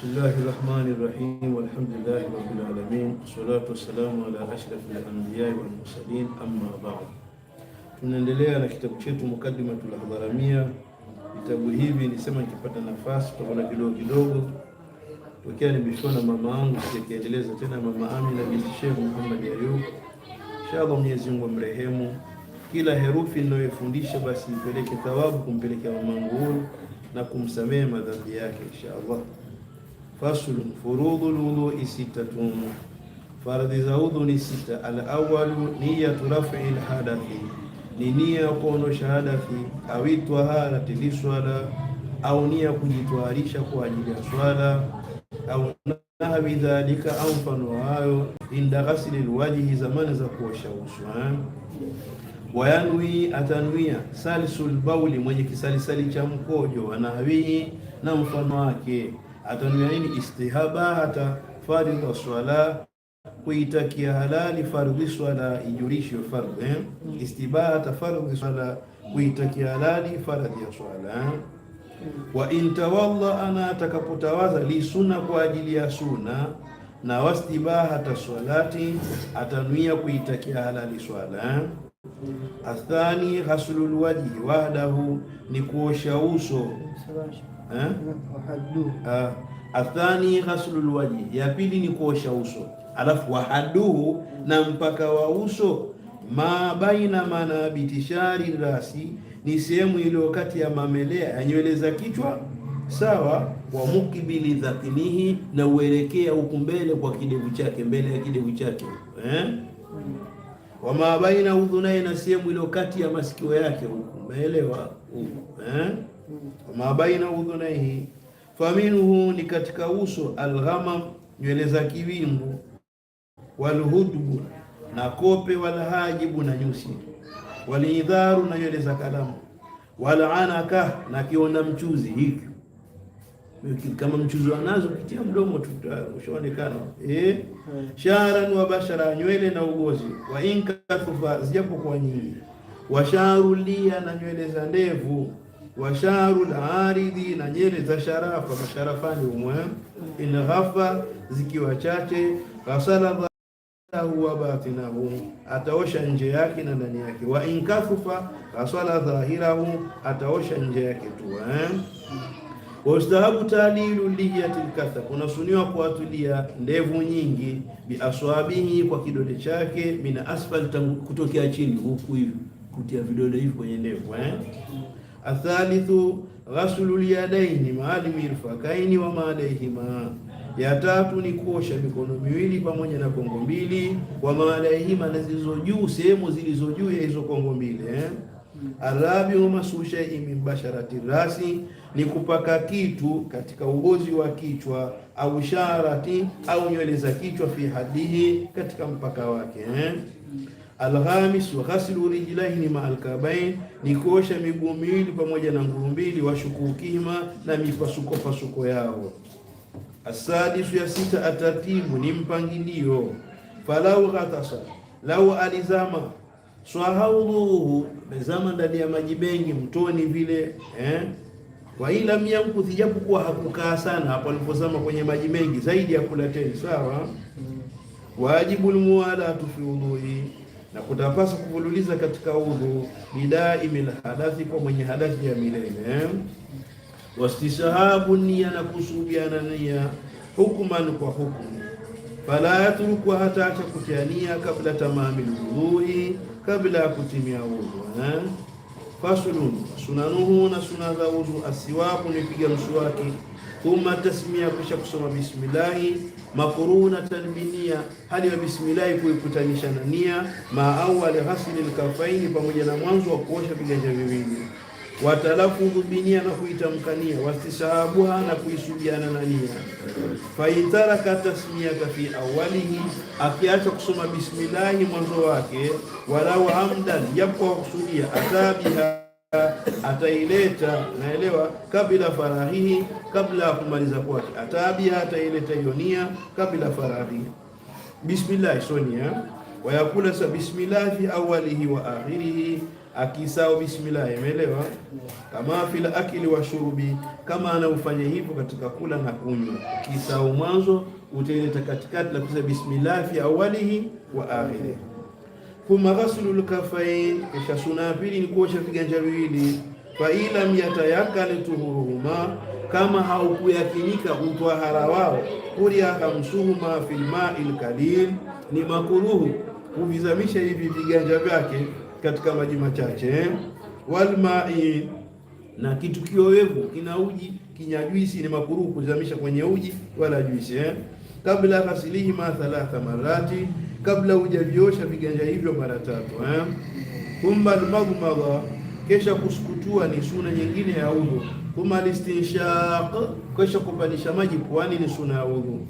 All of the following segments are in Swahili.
Bismillahi rahmani rahim walhamdulillahi rabbil alamin wassalatu wassalamu ala ashrafil anbiyai wal mursalin amma ba'd. Tunaendelea na kitabu chetu Mukaddimatul Hadharamia. Vitabu hivi nisema nikipata nafasi tutaona kidogo kidogo, tokea nimeshona na mama yangu sijakiendeleza tena, mama Amina binti Sheikh Muhammad Ayub. Inshallah Mwenyezi Mungu amrehemu, kila herufi ninayofundisha basi ipeleke thawabu kumpelekea mama huyu na kumsamehe madhambi yake inshallah. Faslu, furudhu lwudhui sittatun, fardhi za udhu ni sita. Alawalu niyatu rafi lhadathi, ni nia ya kuondosha hadathi, awi taharati liswala, au nia kujitwaharisha kwa ajili ya swala, au nahwi dhalika, au mfano hayo. Inda ghasli lwajihi, zamani za kuosha uso. Wayanwi atanwia salsul bauli, mwenye kisalisali cha mkojo, anahwii na mfano wake atanuyaini istihaba hata faridha swala kuitakia halali fardhi swala ijurishwe fardhi eh? istiba fardhi swala kuitakia halali faradhi ya swala eh? wa intawalla ana atakapotawaza lisuna kwa ajili ya suna na wastibaha swalati atanuia kuitakia halali swala eh? Athani ghaslul wajhi wahdahu, ni kuosha uso eh? athani ah. ghaslul wajhi, ya pili ni kuosha uso. Alafu wahaduhu, na mpaka wa uso ma baina manabiti shari rasi, ni sehemu iliyo kati ya mamelea ya nywele za kichwa sawa wa mukibili dhatinihi na uelekea huku mbele kwa kidevu chake, mbele ya kidevu chake eh? wa ma baina udhunai, na sehemu iliyo kati ya masikio yake huku, umeelewa huku mm. eh? wa ma baina udhunai, faminhu ni katika uso, alghamam nywele za kiwingu, walhudbu na kope, walhajibu na nyusi, walidharu na nywele za kalamu, walanaka na kionda mchuzi hiki kama mchuzi wanazo kitia mdomo mdomo tushaonekana eh, eh. sharan wa bashara, nywele na ugozi, wa zijapo zijapokuwa nyingi, sharu lia, na nywele za ndevu, la aridhi na nywele za sharafa, masharafani umwe, eh? mm. inghafa, zikiwa chache, ghasala dhahu wa batinahu, ataosha nje yake na ndani yake, wa inkathufa ghasala dhahirahu, ataosha nje yake tu eh mm. Wastahabu talilu lihiyatil katha, kunasuniwa kuatulia ndevu nyingi, biaswabihi, kwa kidole chake, mina asfal, tangu kutokea chini huku hivi, kutia vidole hivi kwenye ndevu eh. Athalithu ghaslu lyadaini maal mirfakaini wa maalaihima, ya tatu ni kuosha mikono miwili pamoja na kongo mbili, wa maalaihima, na zilizo juu, sehemu zilizo juu ya hizo kongo mbili eh Arabiu masu shei min basharati rasi, ni kupaka kitu katika ugozi wa kichwa, au sharati au nywele za kichwa, fi hadihi, katika mpaka wake eh? Alhamis wa ghaslu rijlaini ma alkabain, ni kuosha miguu miwili pamoja na nguru mbili, washukukihima, na mipasuko pasuko yao. Asadisu ya sita, atartibu ni mpangilio. Falau ghatasa, lau alizama swahauluhu, mezama ndani ya maji mengi mtoni vile eh? wailam yankuthi, japokuwa hakukaa sana hapo alipozama kwenye maji mengi zaidi ya kula teni sawa. Wajibu lmuwalatu fi udhui, na kutapasa kuvululiza katika udhu, bidaimil hadathi, kwa mwenye hadathi ya milele. Eh? Wastisahabu nia, na kusubiana nia, hukuman kwa hukumu fala yatruku hata chakutiania kabla tamami lwudhui, kabla ya kutimia udhu. Eh? fasulun sunanuhu, na suna za udhu, asiwaku ni piga mswaki, thumma tasmia, kisha kusoma bismillahi makuruna binia, hali ya bismillahi kuikutanisha na nia, maa awali ghasli lkafaini, pamoja na mwanzo wa kuosha viganja viwili watalafuzu na kuitamkania, wastisahabuha na kuisubiana na nia. Faitaraka tasmiyata fi awalihi, akiacha kusoma bismillahi mwanzo wake, walau hamdan, japo wakusudia, atabiha ataileta naelewa, kabla farahihi, kabla ya kumaliza kwake, atabiha ataileta hiyo nia kabla farahihi. Bismillahi sonia wayakula sa bismillah fi awalihi wa akhirihi, akisao bismillah. Imeelewa? kama fil akili wa shurubi, kama anaufanya hivyo katika kula na kunywa, kisao mwanzo utaileta katikati na kusema bismillah fi awalihi wa akhirihi. Thumma ghaslu lkafain, kisha suna ya pili ni kuosha viganja viwili. Fa ilam yatayakan tuhuruhuma, kama haukuyakinika utwahara wao, kuriahamsuhuma fil mail kalil, ni makuruhu huvizamisha hivi viganja vyake katika maji machache, eh? walmai na kitu kiowevu kina uji kinya juisi ni makuru kuzamisha kwenye uji wala juisi eh? kabla ma thalatha marati, kabla hujaviosha viganja hivyo mara tatu eh? thumma almadmadha, kesha kusukutua ni suna nyingine ya udhu. Thumma listinshaq, kesha kupanisha maji puani ni suna ya udhu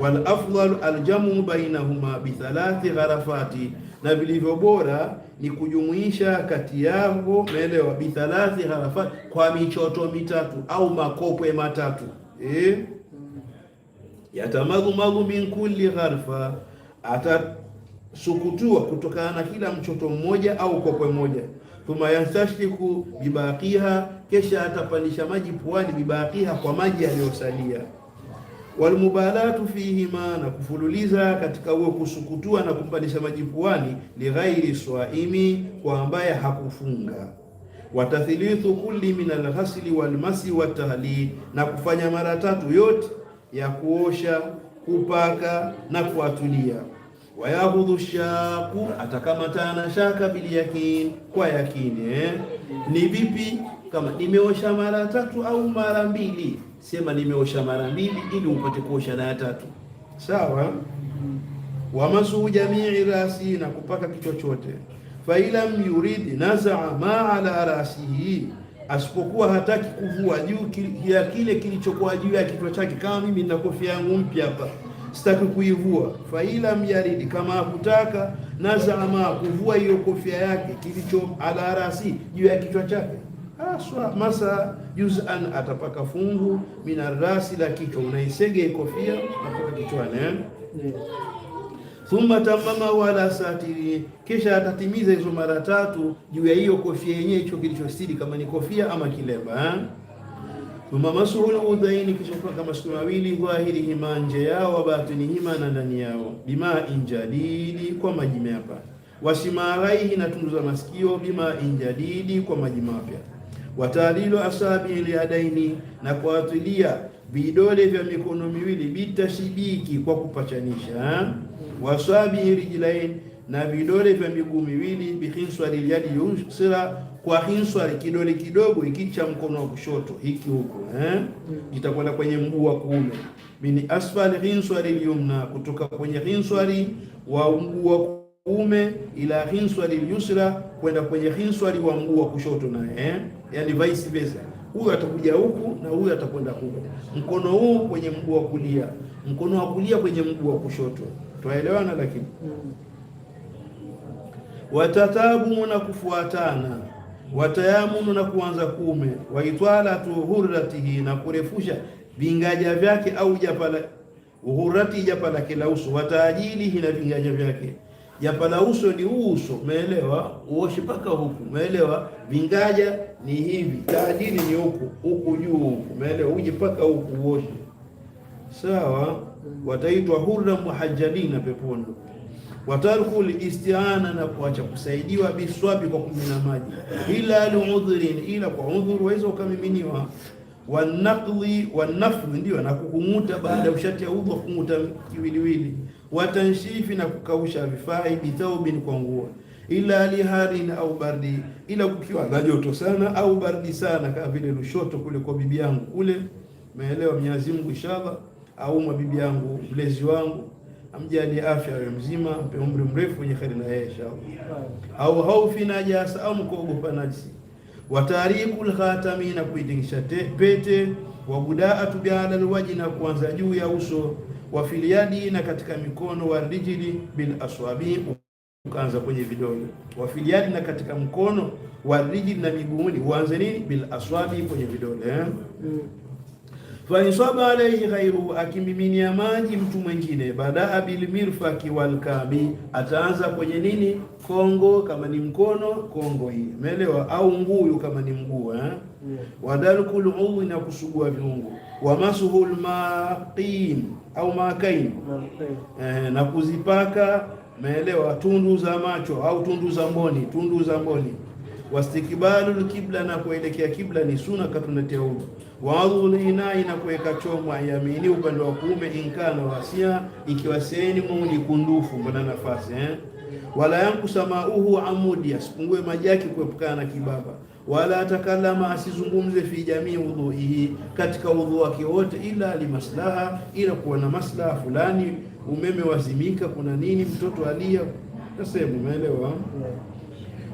wal afdal aljamu bainahuma bithalathi gharafati, na vilivyo bora ni kujumuisha kati yao, umeelewa? Bithalathi gharafati, kwa michoto mitatu au makopwe matatu eh? Yatamagumagu min kulli gharfa, atasukutua kutokana na kila mchoto mmoja au kopwe moja. Thuma yastashliku bibaqiha, kesha atapandisha maji puani, bibaqiha, kwa maji yaliyosalia walmubalatu fihima, na kufululiza katika huo kusukutua na kumpandisha maji puani, lighairi swaimi, kwa ambaye hakufunga. Watathilithu kulli min alghasli walmasi watahlil, na kufanya mara tatu yote ya kuosha, kupaka na kuatulia. Wayahudhu shaku, atakamata na shaka yakin, kwa yakini eh? ni vipi kama nimeosha mara tatu au mara mbili sema nimeosha mara mbili ili upate kuosha na ya tatu, sawa. Wamasu jamii rasi, na kupaka kichwa chote. Failam yurid nazaa ma ala rasihi, asipokuwa hataki kuvua juu ya kile kilichokuwa juu ya kichwa chake. Kama mimi nina kofia yangu mpya hapa, sitaki kuivua. Failam yaridi, kama hakutaka, nazaa ma, kuvua hiyo kofia yake, kilicho ala rasi, juu ya kichwa chake haswa masa juz'an, atapaka fungu minarasi, la kichwa, unaisege kofia napaka kichwani eh? mm. thumma tamama wala satiri, kisha atatimiza hizo mara tatu juu ya hiyo kofia yenyewe, hicho kilichostiri, kama ni kofia ama kilemba eh? thumma masuhul udhaini, kisha kupaka masikio mawili dhahirihima, nje yao, wabatinihima, na ndani yao, bima injadidi, kwa maji mapya, wasimaraihi, na tundu masikio, bima injadidi, kwa maji mapya watalilu asabi liadaini, na kuatilia vidole vya mikono miwili bitashibiki, kwa kupachanisha. Wasabi rijlain, na vidole vya miguu miwili bihinswari liadi yusra, kwa hinswari kidole kidogo hiki cha mkono wa kushoto hiki huko eh, itakwenda kwenye mguu wa kuume min asfal hinswari lyumna, kutoka kwenye hinswari wa mguu wa kuume ila hinswari yusra, kwenda kwenye hinswari wa mguu wa kushoto naye eh yani vice versa, huyu atakuja huku na huyu atakwenda huku, mkono huu kwenye mguu wa kulia, mkono wa kulia kwenye mguu wa kushoto. Twaelewana? Lakini watatabu na kufuatana, watayamunu na kuanza kume, waitwalatu hurratihi na kurefusha vingaja vyake, au japala hurrati, japa lake la uso, wataajilihi na vingaja vyake yapana uso ni huu uso, umeelewa? Uoshe mpaka huku, umeelewa? Vingaja ni hivi, taadini ni huku huku juu umeelewa? Uje mpaka huku uoshe, sawa. Wataitwa hurra muhajjalina peponi, watarku listiana, na kuacha kusaidiwa, biswabi, kwa kumina maji, ila liudhrin, ila kwa udhuru waweza ukamiminiwa wanafu, ndio na kukung'uta baada ya ushati ya udhu, kung'uta kiwiliwili watanshifi na kukausha vifai bitaubin kwa nguo ila liharin au bardi, ila kukiwa na joto sana au bardi sana, kama vile Lushoto kule kwa bibi yangu kule, maelewa Mwenyezi Mungu inshallah, au mwa bibi yangu mlezi wangu amjali afya ya mzima, ampe umri mrefu wenye kheri na yeye inshallah, au haufi najasa, au mkuogopa najisi, watarikul khatami na kuitingisha pete, tubiala biadalwaji na kuanza juu ya uso wa fil na katika mikono, wa rijili bil aswabi, ukaanza kwenye vidole, wa fil na katika mkono, wa rijili, na miguuni, uanze nini bil aswabi, kwenye vidole eh? mm faisaba alaihi ghairuhu, akimiminia maji mtu mwingine. Baadaha wal walkabi, ataanza kwenye nini, kongo kama ni mkono, kongo hii, umeelewa? Au nguyu kama ni mguu eh? yeah. Mm. wadalkul uwi, na kusugua viungo, wamasuhul maqin au makain eh, na kuzipaka, umeelewa? tundu za macho au tundu za mboni, tundu za mboni wastikbalu lkibla, na kuelekea kibla ni suna katunateulu. Waadhulinai, na kuweka chomwa yamini, upande wa kuume. Inkana wasia, ikiwa sehemu kundufu, mbona nafasi eh? Wala yangu samauhu amudi, asipungue maji yake kuepukana na kibaba. Wala atakalama, asizungumze fi jamii udhuihi, katika udhu wake wote, ila limaslaha, ila kuwa na maslaha fulani. Umeme wazimika, kuna nini? Mtoto alia, nasema umeelewa?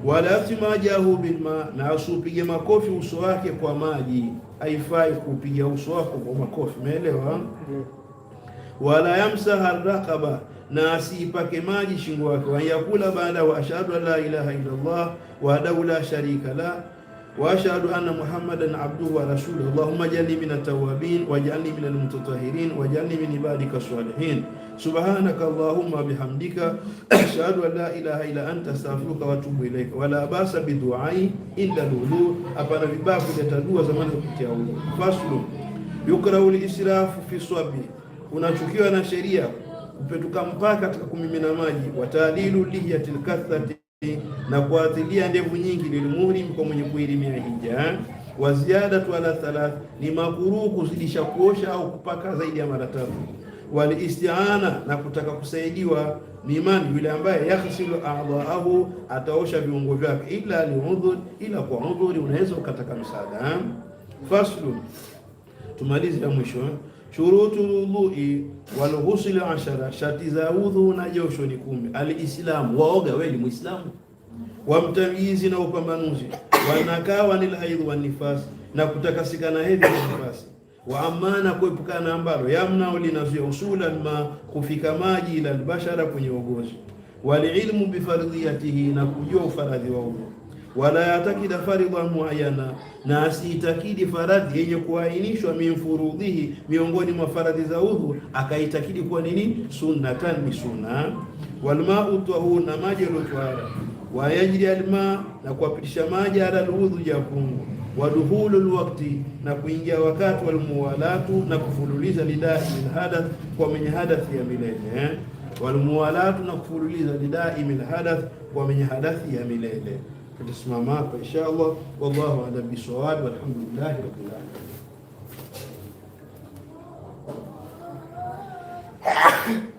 wala majahu bilma, na asiupige makofi uso wake kwa maji. Haifai kupiga uso wako kwa makofi, umeelewa? Wala yamsaha raqaba, na asiipake maji shingo wake wanyakula baada wa ashhadu an la ilaha illa illallah wahdahu la sharika la wa ashhadu anna muhammadan abduhu wa rasuluhu allahumma jalni min at-tawwabin waj'alni min al-mutatahhirin waj'alni min ibadika salihin subhanaka allahumma bihamdika ashhadu an la ilaha illa anta astaghfiruka wa atubu ilaika wala basa biduai illa lulu hapana vibaya kuleta dua zamani za kutia huko faslu yukrahu al-israfu fi swabi unachukiwa na sheria kupetuka mpaka katika kumimina maji watadilu lihiyatil kathati na kuatilia ndevu nyingi lilmuhrim, kwa mwenye kuhirimia hija. Eh? Wa tu ala thalath, ni makuruu kuzidisha kuosha au kupaka zaidi ya mara tatu. Walistiana, na kutaka kusaidiwa. Mimani, yule ambaye yaghsilu a'dhaahu, ataosha viungo vyake. Ila liudhur, ila kwa udhuri, unaweza ukataka msaada. Eh? Faslu, tumalize ya mwisho. Eh? shurutu wudhui wal ghusl ashara, shati za udhu na josho ni kumi. Alislamu waoga, wewe ni Muislamu, wamtamizi na upambanuzi, wanakawa ni laidhu nifas na kutakasikana hedhi na nifasi, wa amana, kuepukana ambalo yamnao linazuia usula ma kufika maji ila albashara, kwenye ugozi, walilmu bifardhiyatihi, na kujua ufaradhi wa udhu wala yatakida faridha muayana, na asiitakidi faradhi yenye kuainishwa, minfurudhihi, miongoni mwa faradhi za udhu, akaitakidi kuwa nini? Sunnatan, ni sunna. Walmau tahur, na maji yaliyotwara. Wayajri alma, na kuwapitisha maji, ala ludhu, ya kungu. Waduhulu lwakti, na kuingia wakati. Walmuwalatu, na kufululiza, lidai hadath, kwa mwenye hadathi ya milele. Walmuwalatu, na kufululiza, lidai hadath, kwa mwenye hadathi ya milele الاستمامات فإن شاء الله والله أعلم بالصواب والحمد لله رب العالمين